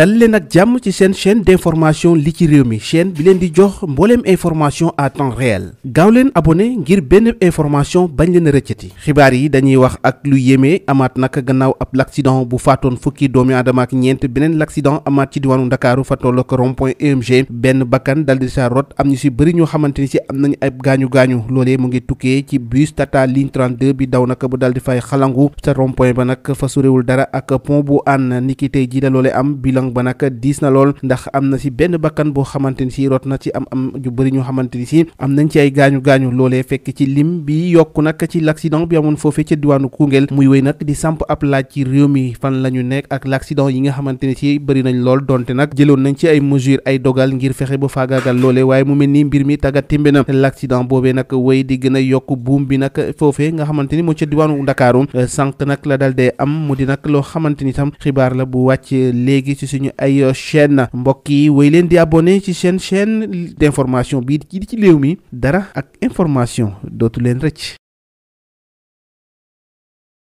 dal leen ak jàmm ci seen chaîne d'information li ci réew mi chaîne bi leen di jox mbooleem information à réel gaaw leen abonné ngir benn information bañ leen a rëccati xibaar yi dañuy wax ak lu yéeme amaat naka gannaaw ab l'accident bu faatoon fukki doomi aadama ak ñeent beneen l'accident amaat ci diwaanu ndakaaru fa toll ak rond-point e benn bakkan dal sa rot am ñu si bëri ñoo xamante ni si am nañu ab gaañu gaañu loolee mu ngi tukkee ci bus Tata ligne 32 bi daw naka bu dal di fay xalangu sa ba nag fa sorewul dara ak pont bu xeexoon ba nag diis na lool ndax am na si benn bakkan boo xamante ni si rot na ci am am ju bëri ñu xamante ni si am nañ ci ay gaañu gaañu loolee fekk ci lim bi yokk nag ci l'accident bi amoon foofee ca muy wéy nag di samp ab laaj ci la ñu nekk ak l'accident yi nga xamante ni si bëri nañ lool donte nag jëloon nañ ci ay mesures ay dogal ngir fexe ba faagaagal loolee waaye mu mel ni mbir mi tàggat timbe na l'accident boobee nag wéy di gën a yokk buum bi nag foofee nga xamante ni moo ca diwaanu Ndakaaru sànq nag la dal dee am mu di nag loo xamante ni tam xibaar la bu wàcc léegi ci suñu ay euh, chaîne mbokk yi wéy leen di abonné ci seen chaîne d'information bii di ci réew mi dara ak information dootu leen rëcc